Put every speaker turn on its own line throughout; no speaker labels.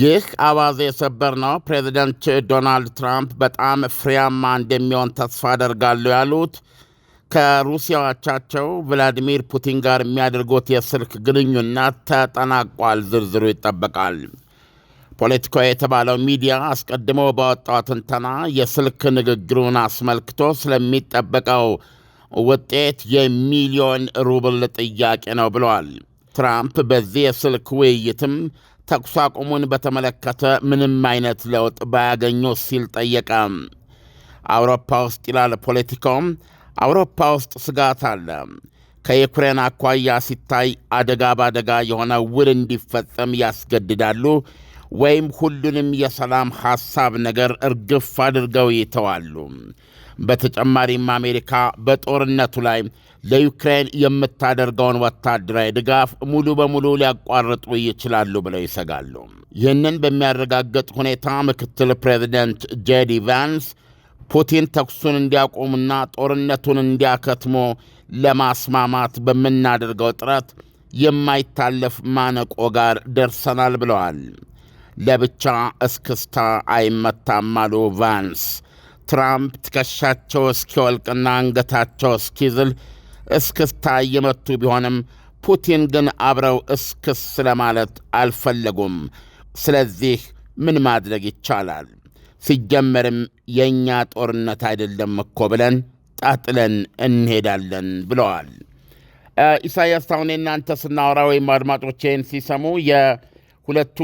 ይህ አዋዜ የሰበር ነው። ፕሬዚደንት ዶናልድ ትራምፕ በጣም ፍሬያማ እንደሚሆን ተስፋ አደርጋለሁ ያሉት ከሩሲያ አቻቸው ቭላዲሚር ፑቲን ጋር የሚያደርጉት የስልክ ግንኙነት ተጠናቋል። ዝርዝሩ ይጠበቃል። ፖለቲኮ የተባለው ሚዲያ አስቀድሞ ባወጣው ትንተና የስልክ ንግግሩን አስመልክቶ ስለሚጠበቀው ውጤት የሚሊዮን ሩብል ጥያቄ ነው ብለዋል። ትራምፕ በዚህ የስልክ ውይይትም ተኩስ አቁሙን በተመለከተ ምንም አይነት ለውጥ ባያገኙ ሲል ጠየቀ። አውሮፓ ውስጥ ይላል ፖለቲካውም፣ አውሮፓ ውስጥ ስጋት አለ። ከዩክሬን አኳያ ሲታይ አደጋ በአደጋ የሆነ ውል እንዲፈጸም ያስገድዳሉ ወይም ሁሉንም የሰላም ሐሳብ ነገር እርግፍ አድርገው ይተዋሉ። በተጨማሪም አሜሪካ በጦርነቱ ላይ ለዩክሬን የምታደርገውን ወታደራዊ ድጋፍ ሙሉ በሙሉ ሊያቋርጡ ይችላሉ ብለው ይሰጋሉ። ይህንን በሚያረጋግጥ ሁኔታ ምክትል ፕሬዚደንት ጄዲ ቫንስ ፑቲን ተኩሱን እንዲያቆሙና ጦርነቱን እንዲያከትሙ ለማስማማት በምናደርገው ጥረት የማይታለፍ ማነቆ ጋር ደርሰናል ብለዋል። ለብቻ እስክስታ አይመታም አሉ ቫንስ። ትራምፕ ትከሻቸው እስኪወልቅና አንገታቸው እስኪዝል እስክስታ እየመቱ ቢሆንም ፑቲን ግን አብረው እስክስ ስለማለት አልፈለጉም። ስለዚህ ምን ማድረግ ይቻላል? ሲጀመርም የእኛ ጦርነት አይደለም እኮ ብለን ጣጥለን እንሄዳለን ብለዋል። ኢሳያስ፣ አሁን እናንተ ስናወራ ወይም አድማጮቼን ሲሰሙ የሁለቱ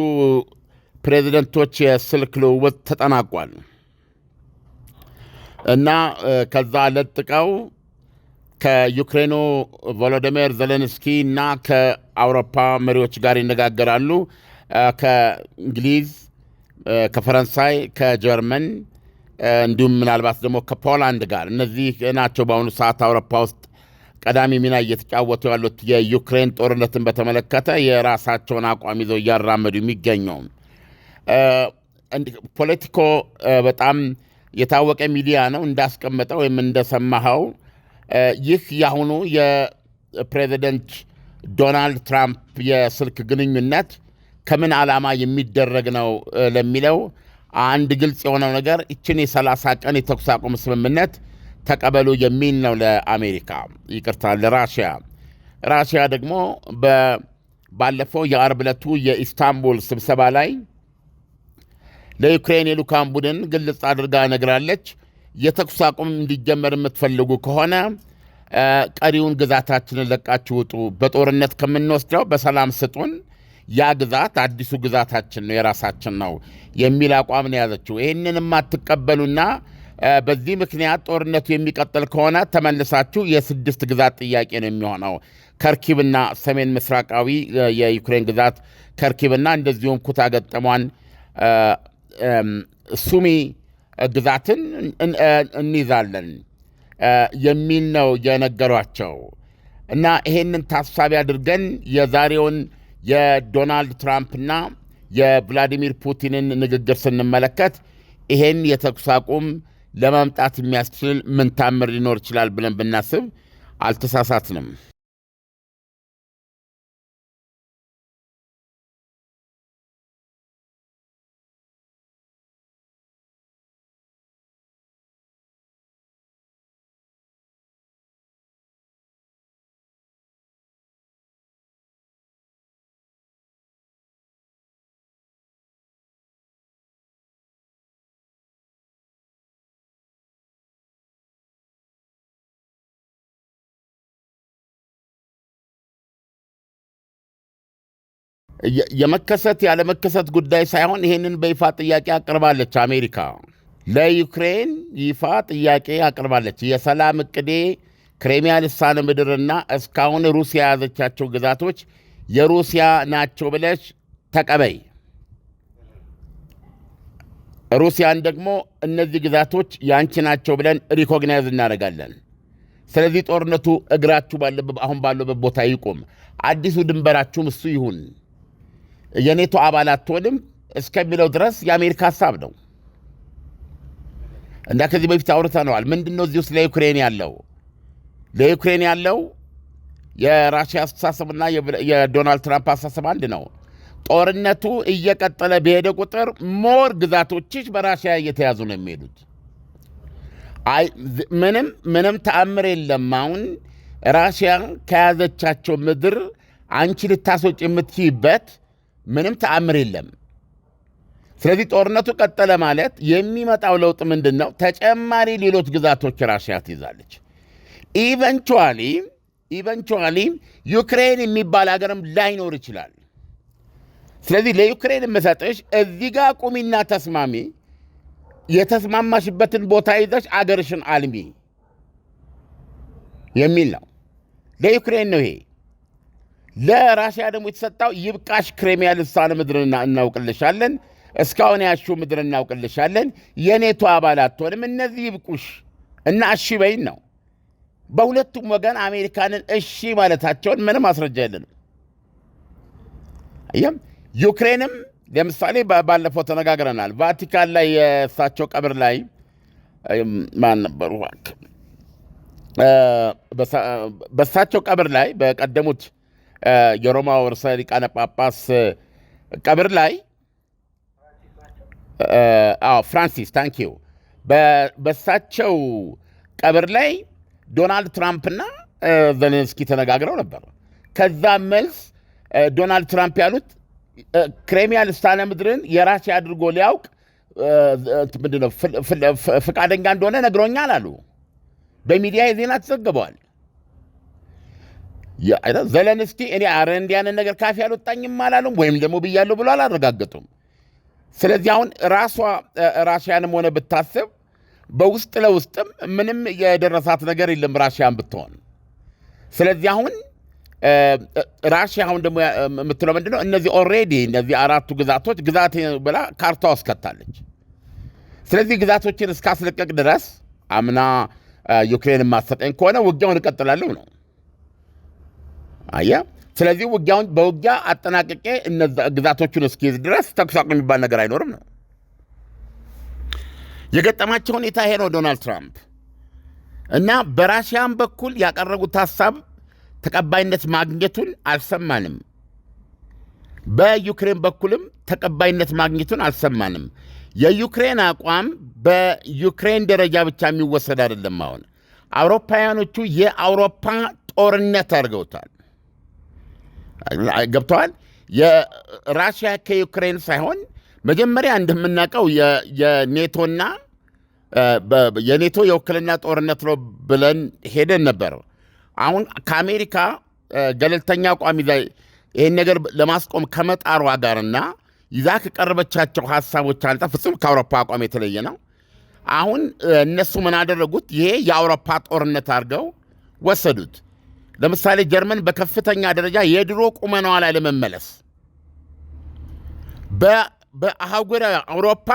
ፕሬዚደንቶች የስልክ ልውውጥ ተጠናቋል። እና ከዛ ለጥቀው ከዩክሬኑ ቮሎዲሚር ዘለንስኪ እና ከአውሮፓ መሪዎች ጋር ይነጋገራሉ። ከእንግሊዝ፣ ከፈረንሳይ፣ ከጀርመን እንዲሁም ምናልባት ደግሞ ከፖላንድ ጋር እነዚህ ናቸው በአሁኑ ሰዓት አውሮፓ ውስጥ ቀዳሚ ሚና እየተጫወቱ ያሉት የዩክሬን ጦርነትን በተመለከተ የራሳቸውን አቋም ይዘው እያራመዱ የሚገኘው ፖለቲኮ በጣም የታወቀ ሚዲያ ነው እንዳስቀመጠው ወይም እንደሰማኸው ይህ የአሁኑ የፕሬዚደንት ዶናልድ ትራምፕ የስልክ ግንኙነት ከምን ዓላማ የሚደረግ ነው ለሚለው አንድ ግልጽ የሆነው ነገር ይችን የሰላሳ ቀን የተኩስ አቁም ስምምነት ተቀበሉ የሚል ነው ለአሜሪካ፣ ይቅርታ ለራሽያ። ራሽያ ደግሞ ባለፈው የአርብ ዕለቱ የኢስታንቡል ስብሰባ ላይ ለዩክሬን የልዑካን ቡድን ግልጽ አድርጋ ነግራለች። የተኩስ አቁም እንዲጀመር የምትፈልጉ ከሆነ ቀሪውን ግዛታችንን ለቃችሁ ውጡ፣ በጦርነት ከምንወስደው በሰላም ስጡን፣ ያ ግዛት አዲሱ ግዛታችን ነው፣ የራሳችን ነው የሚል አቋም ነው የያዘችው። ይህንን የማትቀበሉና በዚህ ምክንያት ጦርነቱ የሚቀጥል ከሆነ ተመልሳችሁ የስድስት ግዛት ጥያቄ ነው የሚሆነው። ከርኪብና ሰሜን ምስራቃዊ የዩክሬን ግዛት ከርኪብና እንደዚሁም ኩታ ገጠሟን Um, ሱሚ uh, ግዛትን uh, እንይዛለን uh, የሚል ነው የነገሯቸው። እና ይሄንን ታሳቢ አድርገን የዛሬውን የዶናልድ ትራምፕና የቭላዲሚር ፑቲንን ንግግር ስንመለከት ይሄን የተኩስ አቁም ለማምጣት የሚያስችል ምን ታምር ሊኖር ይችላል ብለን ብናስብ አልተሳሳትንም። የመከሰት ያለመከሰት ጉዳይ ሳይሆን ይህንን በይፋ ጥያቄ አቅርባለች አሜሪካ ለዩክሬን ይፋ ጥያቄ አቅርባለች። የሰላም እቅዴ ክሬሚያ ልሳነ ምድርና እስካሁን ሩሲያ የያዘቻቸው ግዛቶች የሩሲያ ናቸው ብለሽ ተቀበይ፣ ሩሲያን ደግሞ እነዚህ ግዛቶች ያንቺ ናቸው ብለን ሪኮግናይዝ እናደርጋለን። ስለዚህ ጦርነቱ እግራችሁ ባለበት አሁን ባለበት ቦታ ይቁም። አዲሱ ድንበራችሁም እሱ ይሁን። የኔቶ አባል አትሆንም እስከሚለው ድረስ የአሜሪካ ሀሳብ ነው እና ከዚህ በፊት አውርተነዋል። ምንድን ነው እዚህ ውስጥ ለዩክሬን ያለው ለዩክሬን ያለው የራሽያ አስተሳሰብና የዶናልድ ትራምፕ አስተሳሰብ አንድ ነው። ጦርነቱ እየቀጠለ በሄደ ቁጥር ሞር ግዛቶችሽ በራሽያ እየተያዙ ነው የሚሄዱት። ምንም ምንም ተአምር የለም። አሁን ራሽያ ከያዘቻቸው ምድር አንቺ ልታስወጭ የምትይበት ምንም ተአምር የለም። ስለዚህ ጦርነቱ ቀጠለ ማለት የሚመጣው ለውጥ ምንድን ነው? ተጨማሪ ሌሎች ግዛቶች ራሽያ ትይዛለች። ኢቨንቹዋሊ ኢቨንቹዋሊ ዩክሬን የሚባል ሀገርም ላይኖር ይችላል። ስለዚህ ለዩክሬን የምሰጥሽ እዚህ ጋር ቁሚና ተስማሚ፣ የተስማማሽበትን ቦታ ይዘሽ አገርሽን አልሚ የሚል ነው። ለዩክሬን ነው ይሄ። ለራሽያ ደግሞ የተሰጣው ይብቃሽ ክሬሚያ ልሳነ ምድርና እናውቅልሻለን፣ እስካሁን ያሹ ምድር እናውቅልሻለን፣ የኔቶ አባል አትሆንም፣ እነዚህ ይብቁሽ እና እሺ በይን ነው። በሁለቱም ወገን አሜሪካንን እሺ ማለታቸውን ምንም ማስረጃ የለንም። ይም ዩክሬንም ለምሳሌ ባለፈው ተነጋግረናል። ቫቲካን ላይ የእሳቸው ቀብር ላይ ማን ነበሩ? በእሳቸው ቀብር ላይ በቀደሙት የሮማ ወርሰ ሊቃነ ጳጳስ ቀብር ላይ ፍራንሲስ ታንኪዩ በሳቸው ቀብር ላይ ዶናልድ ትራምፕና ዘለንስኪ ተነጋግረው ነበር። ከዛ መልስ ዶናልድ ትራምፕ ያሉት ክሬሚያን ልሳነ ምድርን የራሴ አድርጎ ሊያውቅ ምንድነው ፍቃደኛ እንደሆነ ነግሮኛል አሉ። በሚዲያ የዜና ተዘግበዋል። ዘለንስኪ እኔ አረ እንዲህ ነገር ካፊ አልወጣኝም አላሉም፣ ወይም ደግሞ ብያለሁ ብሎ አላረጋገጡም። ስለዚህ አሁን ራሷ ራሽያንም ሆነ ብታስብ በውስጥ ለውስጥም ምንም የደረሳት ነገር የለም ራሽያን ብትሆን። ስለዚህ አሁን ራሽያ አሁን ደግሞ የምትለው ምንድነው? እነዚህ ኦልሬዲ እነዚህ አራቱ ግዛቶች ግዛት ብላ ካርታ አስከታለች። ስለዚህ ግዛቶችን እስካስለቀቅ ድረስ አምና ዩክሬን ማሰጠኝ ከሆነ ውጊያውን እቀጥላለሁ ነው አያ ስለዚህ ውጊያውን በውጊያ አጠናቅቄ እነዛ ግዛቶቹን እስኪይዝ ድረስ ተኩስ አቁም የሚባል ነገር አይኖርም ነው የገጠማቸው ሁኔታ ይሄ ነው ዶናልድ ትራምፕ እና በራሽያም በኩል ያቀረቡት ሀሳብ ተቀባይነት ማግኘቱን አልሰማንም በዩክሬን በኩልም ተቀባይነት ማግኘቱን አልሰማንም የዩክሬን አቋም በዩክሬን ደረጃ ብቻ የሚወሰድ አይደለም አሁን አውሮፓውያኖቹ የአውሮፓ ጦርነት አድርገውታል ገብተዋል። የራሽያ ከዩክሬን ሳይሆን መጀመሪያ እንደምናውቀው የኔቶና የኔቶ የውክልና ጦርነት ነው ብለን ሄደን ነበር። አሁን ከአሜሪካ ገለልተኛ አቋም ላይ ይህን ነገር ለማስቆም ከመጣሯ ጋርና ይዛ ከቀረበቻቸው ሀሳቦች አንጻር ፍጹም ከአውሮፓ አቋም የተለየ ነው። አሁን እነሱ ምን አደረጉት? ይሄ የአውሮፓ ጦርነት አድርገው ወሰዱት። ለምሳሌ ጀርመን በከፍተኛ ደረጃ የድሮ ቁመናዋ ላይ ለመመለስ በአህጉረ አውሮፓ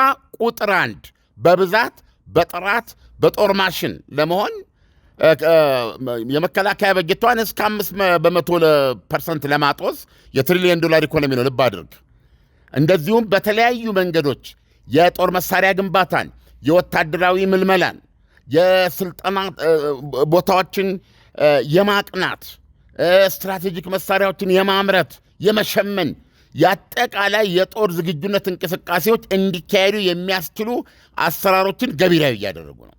ቁጥር አንድ በብዛት በጥራት በጦር ማሽን ለመሆን የመከላከያ በጀቷን እስከ አምስት በመቶ ፐርሰንት ለማጦስ የትሪሊየን ዶላር ኢኮኖሚ ነው፣ ልብ አድርግ። እንደዚሁም በተለያዩ መንገዶች የጦር መሳሪያ ግንባታን፣ የወታደራዊ ምልመላን፣ የስልጠና ቦታዎችን የማቅናት ስትራቴጂክ መሳሪያዎችን የማምረት የመሸመን የአጠቃላይ የጦር ዝግጁነት እንቅስቃሴዎች እንዲካሄዱ የሚያስችሉ አሰራሮችን ገቢራዊ እያደረጉ ነው።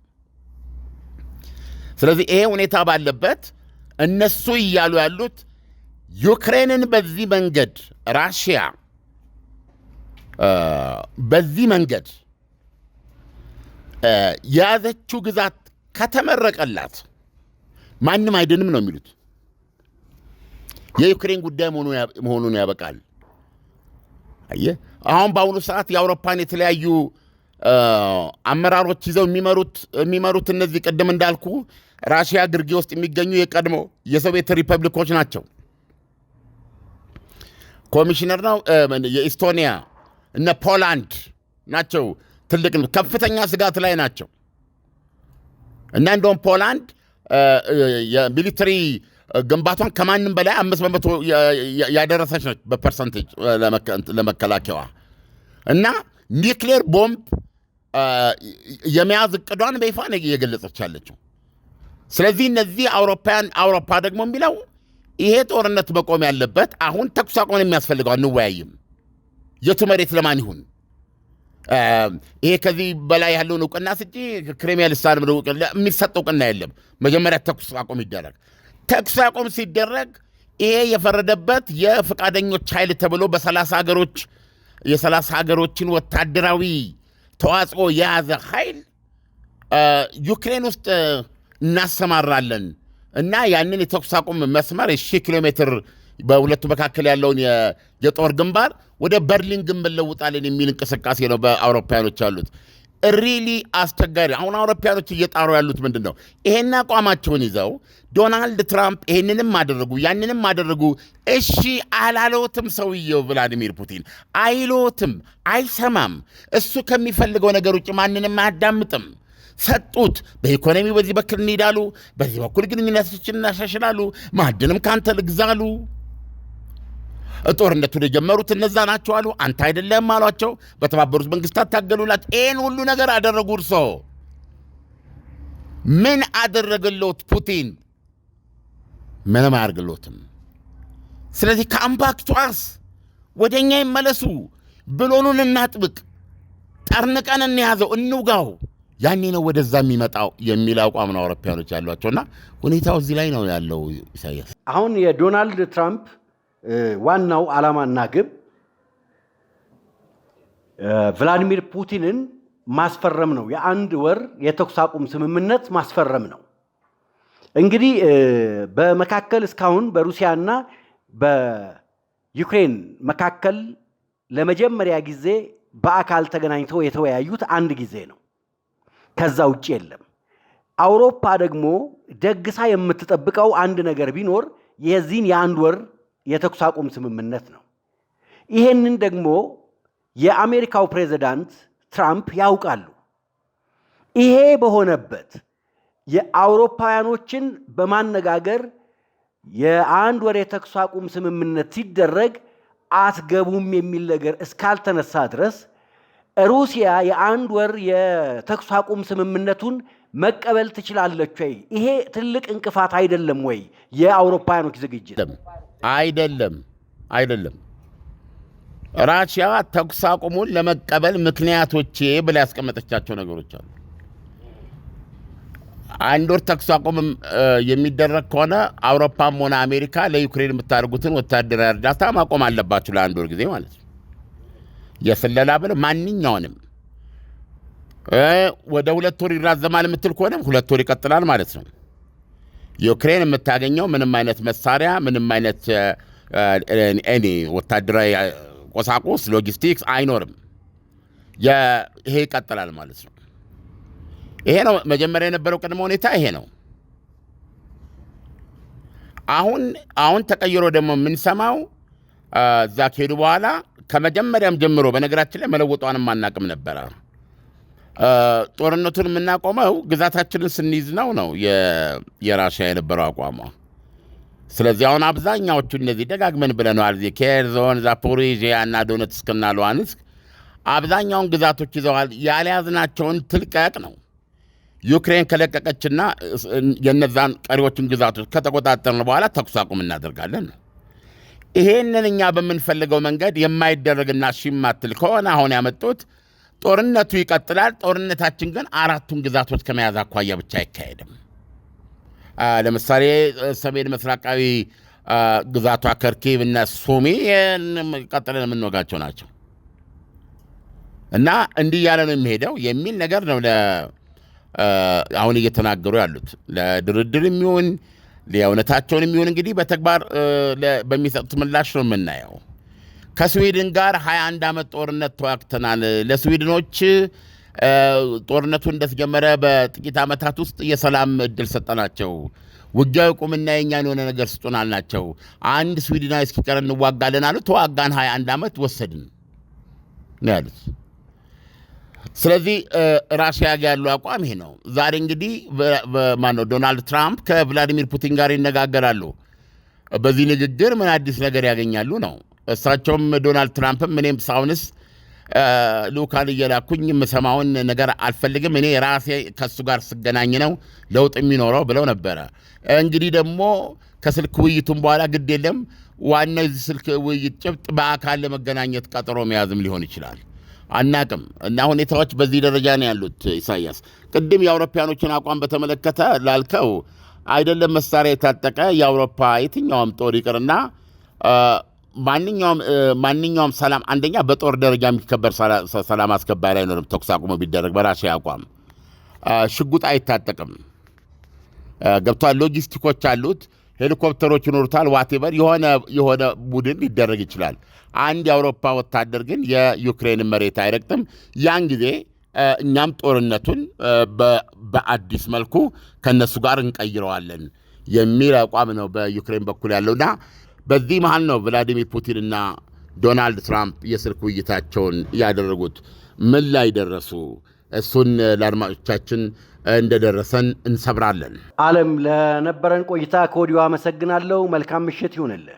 ስለዚህ ይሄ ሁኔታ ባለበት እነሱ እያሉ ያሉት ዩክሬንን በዚህ መንገድ ራሽያ በዚህ መንገድ የያዘችው ግዛት ከተመረቀላት ማንም አይድንም ነው የሚሉት። የዩክሬን ጉዳይ መሆኑን ያበቃል። አየ አሁን በአሁኑ ሰዓት የአውሮፓን የተለያዩ አመራሮች ይዘው የሚመሩት እነዚህ ቅድም እንዳልኩ ራሽያ ግርጌ ውስጥ የሚገኙ የቀድሞ የሶቪየት ሪፐብሊኮች ናቸው። ኮሚሽነር ነው የኢስቶኒያ እነ ፖላንድ ናቸው። ትልቅ ከፍተኛ ስጋት ላይ ናቸው እና እንደውም ፖላንድ የሚሊተሪ ግንባቷን ከማንም በላይ አምስት በመቶ ያደረሰች ነች በፐርሰንቴጅ ለመከላከያዋ እና ኒክሌር ቦምብ የመያዝ እቅዷን በይፋ እየገለጸች ያለችው። ስለዚህ እነዚህ አውሮፓያን አውሮፓ ደግሞ የሚለው ይሄ ጦርነት መቆም ያለበት አሁን ተኩስ የሚያስፈልገው አንወያይም፣ የቱ መሬት ለማን ይሁን ይሄ ከዚህ በላይ ያለውን እውቅና ስጪ ክሬሚያ ልሳን ብለው የሚሰጥ እውቅና የለም። መጀመሪያ ተኩስ አቁም ይደረግ። ተኩስ አቁም ሲደረግ ይሄ የፈረደበት የፈቃደኞች ኃይል ተብሎ በሰላሳ ሀገሮች የሰላሳ ሀገሮችን ወታደራዊ ተዋጽኦ የያዘ ኃይል ዩክሬን ውስጥ እናሰማራለን እና ያንን የተኩስ አቁም መስመር የሺህ ኪሎ ሜትር በሁለቱ መካከል ያለውን የጦር ግንባር ወደ በርሊን ግን መለውጣለን የሚል እንቅስቃሴ ነው በአውሮፓያኖች ያሉት። ሪሊ አስቸጋሪ። አሁን አውሮፓያኖች እየጣሩ ያሉት ምንድን ነው? ይሄን አቋማቸውን ይዘው ዶናልድ ትራምፕ ይሄንንም አደረጉ ያንንም አደረጉ፣ እሺ አላለዎትም። ሰውየው ቭላዲሚር ፑቲን አይሎትም፣ አይሰማም። እሱ ከሚፈልገው ነገር ውጭ ማንንም አያዳምጥም። ሰጡት። በኢኮኖሚ በዚህ በኩል እንሄዳሉ በዚህ በኩል ግንኙነቶችን እናሻሽላሉ፣ ማዕድንም ካንተ ልግዛሉ ጦርነቱን የጀመሩት እነዛ ናቸው አሉ። አንተ አይደለም አሏቸው። በተባበሩት መንግስታት ታገሉላት። ይህን ሁሉ ነገር አደረጉ። እርሶ ምን አደረገሎት ፑቲን? ምንም አያደርግሎትም። ስለዚህ ከአምባክቷስ ወደ እኛ ይመለሱ። ብሎኑን እናጥብቅ፣ ጠርንቀን እንያዘው፣ እንውጋው። ያኔ ነው ወደዛ የሚመጣው የሚል አቋም ነው አውሮፓያኖች ያሏቸውና ሁኔታው እዚህ ላይ ነው ያለው። ኢሳያስ
አሁን የዶናልድ ትራምፕ ዋናው ዓላማና ግብ ቭላዲሚር ፑቲንን ማስፈረም ነው። የአንድ ወር የተኩስ አቁም ስምምነት ማስፈረም ነው። እንግዲህ በመካከል እስካሁን በሩሲያና በዩክሬን መካከል ለመጀመሪያ ጊዜ በአካል ተገናኝተው የተወያዩት አንድ ጊዜ ነው። ከዛ ውጭ የለም። አውሮፓ ደግሞ ደግሳ የምትጠብቀው አንድ ነገር ቢኖር የዚህን የአንድ ወር የተኩስ አቁም ስምምነት ነው። ይሄንን ደግሞ የአሜሪካው ፕሬዚዳንት ትራምፕ ያውቃሉ። ይሄ በሆነበት የአውሮፓውያኖችን በማነጋገር የአንድ ወር የተኩስ አቁም ስምምነት ሲደረግ አትገቡም የሚል ነገር እስካልተነሳ ድረስ ሩሲያ የአንድ ወር የተኩስ አቁም ስምምነቱን መቀበል ትችላለች ወይ? ይሄ ትልቅ እንቅፋት አይደለም ወይ? የአውሮፓውያኖች ዝግጅት
አይደለም አይደለም። ራሽያ ተኩስ አቁሙን ለመቀበል ምክንያቶቼ ብላ ያስቀመጠቻቸው ነገሮች አሉ። አንድ ወር ተኩስ አቁም የሚደረግ ከሆነ አውሮፓም ሆነ አሜሪካ ለዩክሬን የምታደርጉትን ወታደራዊ እርዳታ ማቆም አለባችሁ ለአንድ ወር ጊዜ ማለት ነው። የስለላ ብለ ማንኛውንም ወደ ሁለት ወር ይራዘማል የምትል ከሆነም ሁለት ወር ይቀጥላል ማለት ነው። ዩክሬን የምታገኘው ምንም አይነት መሳሪያ፣ ምንም አይነት ኔ ወታደራዊ ቁሳቁስ ሎጂስቲክስ አይኖርም። ይሄ ይቀጥላል ማለት ነው። ይሄ ነው መጀመሪያ የነበረው ቅድመ ሁኔታ ይሄ ነው። አሁን አሁን ተቀይሮ ደግሞ የምንሰማው እዛ ከሄዱ በኋላ ከመጀመሪያም ጀምሮ በነገራችን ላይ መለወጧንም አናቅም ነበረ ጦርነቱን የምናቆመው ግዛታችንን ስንይዝ ነው ነው የራሽያ የነበረው አቋሟ። ስለዚህ አሁን አብዛኛዎቹ እነዚህ ደጋግመን ብለነዋል። ኬርዞን፣ ዛፖሪዥያ እና ዶነትስክና ሉዋንስክ አብዛኛውን ግዛቶች ይዘዋል። ያልያዝናቸውን ትልቀቅ ነው ዩክሬን ከለቀቀችና የነዛን ቀሪዎችን ግዛቶች ከተቆጣጠርን በኋላ ተኩስ አቁም እናደርጋለን ነው። ይሄንን እኛ በምንፈልገው መንገድ የማይደረግና ሽማትል ከሆነ አሁን ያመጡት ጦርነቱ ይቀጥላል። ጦርነታችን ግን አራቱን ግዛቶች ከመያዝ አኳያ ብቻ አይካሄድም። ለምሳሌ ሰሜን ምስራቃዊ ግዛቷ ከርኪቭ እና ሱሚ ቀጥለን የምንወጋቸው ናቸው እና እንዲህ እያለ ነው የሚሄደው የሚል ነገር ነው አሁን እየተናገሩ ያሉት ለድርድር የሚሆን የእውነታቸውን የሚሆን እንግዲህ በተግባር በሚሰጡት ምላሽ ነው የምናየው። ከስዊድን ጋር 21 ዓመት ጦርነት ተዋግተናል። ለስዊድኖች ጦርነቱ እንደተጀመረ በጥቂት ዓመታት ውስጥ የሰላም እድል ሰጠናቸው። ውጊያው ቁምና የኛን የሆነ ነገር ስጡናል ናቸው። አንድ ስዊድናዊ እስኪቀር እንዋጋለን አሉ። ተዋጋን፣ 21 ዓመት ወሰድን ነው ያሉት። ስለዚህ ራሽያ ጋር ያለው አቋም ይሄ ነው። ዛሬ እንግዲህ ማነው ዶናልድ ትራምፕ ከቭላዲሚር ፑቲን ጋር ይነጋገራሉ። በዚህ ንግግር ምን አዲስ ነገር ያገኛሉ ነው እሳቸውም ዶናልድ ትራምፕም እኔም ሳውንስ ልኡካን እየላኩኝ የምሰማውን ነገር አልፈልግም፣ እኔ ራሴ ከሱ ጋር ስገናኝ ነው ለውጥ የሚኖረው ብለው ነበረ። እንግዲህ ደግሞ ከስልክ ውይይቱም በኋላ ግድ የለም ዋናው የዚህ ስልክ ውይይት ጭብጥ በአካል ለመገናኘት ቀጠሮ መያዝም ሊሆን ይችላል። አናቅም እና ሁኔታዎች በዚህ ደረጃ ነው ያሉት። ኢሳያስ ቅድም የአውሮፓያኖችን አቋም በተመለከተ ላልከው አይደለም መሳሪያ የታጠቀ የአውሮፓ የትኛውም ጦር ይቅርና ማንኛውም ማንኛውም ሰላም አንደኛ በጦር ደረጃ የሚከበር ሰላም አስከባሪ አይኖርም። ተኩስ አቁሞ ቢደረግ በራሱ ያቋም ሽጉጥ አይታጠቅም። ገብቷል። ሎጂስቲኮች አሉት፣ ሄሊኮፕተሮች ይኖሩታል። ዋቴቨር የሆነ የሆነ ቡድን ሊደረግ ይችላል። አንድ የአውሮፓ ወታደር ግን የዩክሬንን መሬት አይረግጥም። ያን ጊዜ እኛም ጦርነቱን በአዲስ መልኩ ከእነሱ ጋር እንቀይረዋለን የሚል አቋም ነው በዩክሬን በኩል ያለውና በዚህ መሀል ነው ቭላዲሚር ፑቲንና ዶናልድ ትራምፕ የስልክ ውይይታቸውን ያደረጉት። ምን ላይ ደረሱ? እሱን ለአድማጮቻችን እንደደረሰን እንሰብራለን።
አለም፣ ለነበረን ቆይታ ከወዲሁ አመሰግናለሁ። መልካም ምሽት ይሁንልህ።